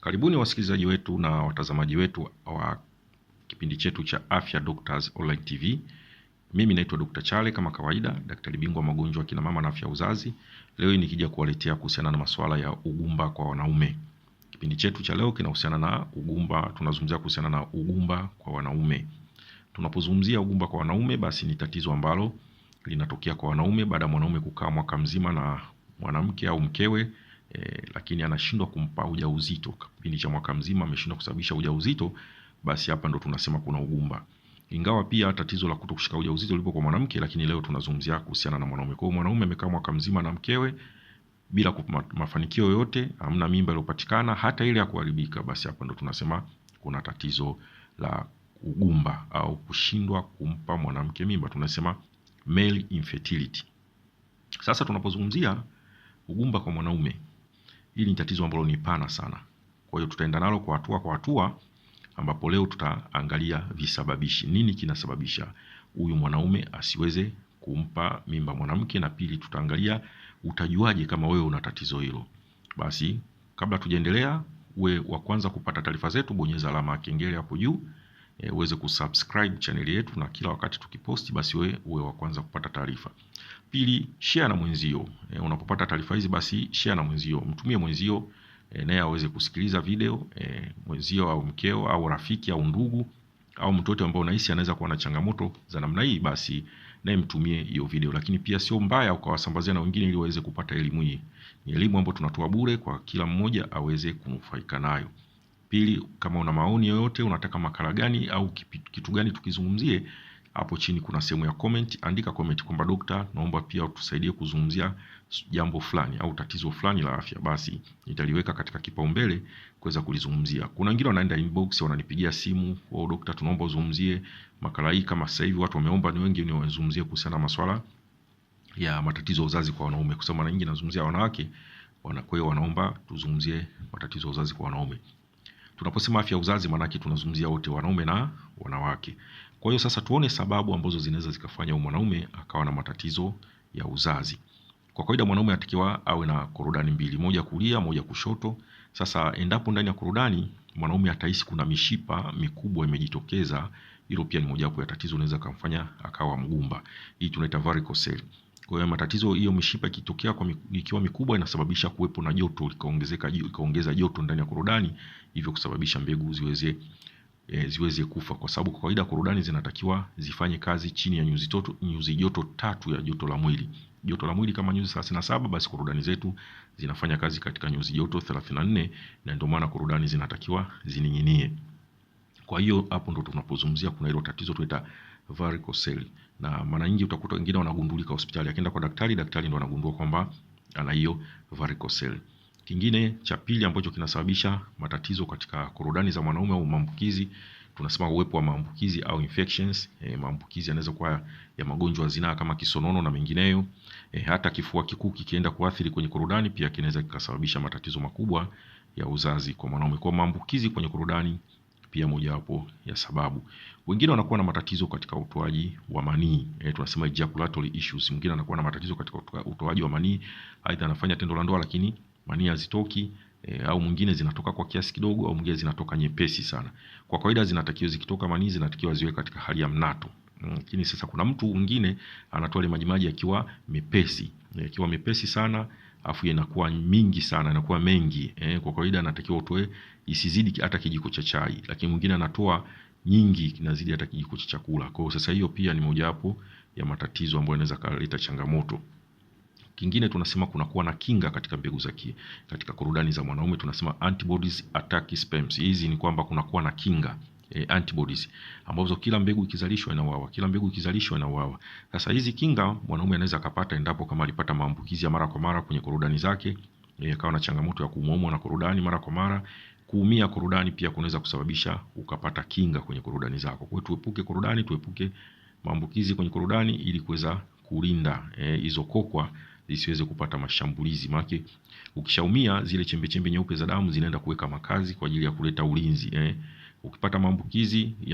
Karibuni wasikilizaji wetu na watazamaji wetu wa kipindi chetu cha Afya Doctors Online TV. Mimi naitwa Dr. Chale kama kawaida, daktari bingwa magonjwa kina mama na afya uzazi. Leo nikija kuwaletea kuhusiana na masuala ya ugumba kwa wanaume. Kipindi chetu cha leo kinahusiana na ugumba, tunazungumzia kuhusiana na ugumba kwa wanaume. Tunapozungumzia ugumba kwa wanaume, basi ni tatizo ambalo linatokea kwa wanaume baada ya mwanaume kukaa mwaka mzima na mwanamke au mkewe e, lakini anashindwa kumpa ujauzito kipindi cha mwaka mzima, ameshindwa kusababisha ujauzito, basi hapa ndo tunasema kuna ugumba. Ingawa pia tatizo la kutokushika ujauzito lipo kwa mwanamke, lakini leo tunazungumzia kuhusiana na mwanaume. Kwa hiyo mwanaume amekaa mwaka mzima na mkewe bila mafanikio yoyote, hamna mimba iliyopatikana hata ile ya kuharibika, basi hapa ndo tunasema kuna tatizo la ugumba au kushindwa kumpa mwanamke mimba, tunasema male infertility. Sasa tunapozungumzia ugumba kwa mwanaume Hili ni tatizo ambalo ni pana sana. Kwa hiyo tutaenda nalo kwa hatua kwa hatua, ambapo leo tutaangalia visababishi, nini kinasababisha huyu mwanaume asiweze kumpa mimba mwanamke, na pili tutaangalia utajuaje kama wewe una tatizo hilo. Basi kabla tujaendelea, uwe wa kwanza kupata taarifa zetu, bonyeza alama ya kengele hapo juu e, uweze kusubscribe channel yetu, na kila wakati tukiposti, basi wewe uwe wa kwanza kupata taarifa. Pili, share na mwenzio e, unapopata taarifa hizi, basi share na mwenzio, mtumie mwenzio e, naye aweze kusikiliza video e, mwenzio au mkeo au rafiki au ndugu au mtoto ambaye unahisi anaweza kuwa na changamoto za namna hii, basi naye mtumie hiyo video. Lakini pia sio mbaya ukawasambazia na wengine ili waweze kupata elimu hii. Ni elimu ambayo tunatoa bure kwa kila mmoja aweze kunufaika nayo. Pili, kama una maoni yoyote, unataka makala gani au kitu gani tukizungumzie, hapo chini kuna sehemu ya comment, andika comment kwamba dokta, naomba pia utusaidie kuzungumzia jambo fulani au tatizo fulani la afya, basi nitaliweka katika kipaumbele kuweza kulizungumzia. Kuna wengine wanaenda inbox, wananipigia simu, wao oh, dokta, tunaomba uzungumzie makala hii, kama sasa hivi watu wameomba ni wengi, ni wazungumzie kuhusiana na masuala ya matatizo ya uzazi kwa wanaume, kwa sababu mara nyingi nazungumzia wanawake, wana, kwa hiyo wanaomba tuzungumzie matatizo ya uzazi kwa wanaume. Tunaposema afya ya uzazi, maanake tunazungumzia wote, wanaume na wanawake. Kwa hiyo sasa tuone sababu ambazo zinaweza zikafanya huyu mwanaume akawa na matatizo ya uzazi. Kwa kawaida mwanaume anatakiwa awe na korodani mbili, moja kulia, moja kushoto. Sasa endapo ndani ya korodani mwanaume atahisi kuna mishipa mikubwa imejitokeza, hilo pia ni mojawapo ya tatizo, unaweza kumfanya akawa mgumba. Hii tunaita varicocele. Kwa hiyo matatizo hiyo mishipa ikitokea ikiwa mikubwa inasababisha kuwepo na joto likaongezeka ikaongeza joto ndani ya korodani, hivyo kusababisha mbegu ziweze e, ziweze kufa, kwa sababu kwa kawaida korodani zinatakiwa zifanye kazi chini ya nyuzi, toto, nyuzi joto tatu ya joto la mwili joto la mwili kama nyuzi 37 basi korodani zetu zinafanya kazi katika nyuzi joto 34 na ndio maana korodani zinatakiwa zining'inie. Kwa hiyo hapo ndo tunapozungumzia kuna hilo tatizo tunaita varicocele, na mara nyingi utakuta wengine wanagundulika hospitali, akienda kwa daktari, daktari ndo anagundua kwamba ana hiyo varicocele. Kingine cha pili ambacho kinasababisha matatizo katika korodani za mwanaume au maambukizi tunasema uwepo wa maambukizi au infections. E, maambukizi yanaweza kuwa ya magonjwa zinaa kama kisonono na mengineyo. E, hata kifua kikuu kikienda kuathiri kwenye korodani pia kinaweza kikasababisha matatizo makubwa ya uzazi kwa mwanaume. Kwa maambukizi kwenye korodani pia mojawapo ya sababu. Wengine wanakuwa na matatizo katika utoaji wa manii e, tunasema ejaculatory issues. Mwingine anakuwa na matatizo katika utoaji wa manii, aidha anafanya tendo la ndoa lakini manii hazitoki E, au mwingine zinatoka kwa kiasi kidogo au mwingine zinatoka nyepesi sana. Kwa kawaida zinatakiwa zikitoka manii zinatakiwa ziwe katika hali ya mnato, mm, lakini sasa kuna mtu mwingine anatoa ile majimaji akiwa mepesi eh, akiwa mepesi sana afu inakuwa mingi sana, inakuwa mengi eh. Kwa kawaida anatakiwa utoe isizidi hata kijiko cha chai, lakini mwingine anatoa nyingi inazidi hata kijiko cha chakula. Kwa hiyo sasa hiyo pia ni mojawapo ya matatizo ambayo inaweza kaleta changamoto. Kingine tunasema kunakuwa na kinga katika mbegu za ki, katika korodani za mwanaume tunasema antibodies attack sperms. Hizi ni kwamba kunakuwa na kinga e, antibodies ambazo kila mbegu ikizalishwa inauawa, kila mbegu ikizalishwa inauawa. Sasa hizi kinga mwanaume anaweza akapata endapo kama alipata maambukizi ya mara kwa mara kwenye korodani zake, eh, akawa e, na changamoto ya kuumwaumwa na korodani mara kwa mara kuumia korodani pia kunaweza kusababisha ukapata kinga kwenye korodani zako. Kwa hiyo tuepuke korodani, tuepuke maambukizi kwenye korodani ili kuweza kulinda eh, hizo e, kokwa zisiweze kupata mashambulizi. Maana ukishaumia zile chembe chembe nyeupe za damu zinaenda kuweka makazi kwa ajili ya kuleta ulinzi e. o ukipata é e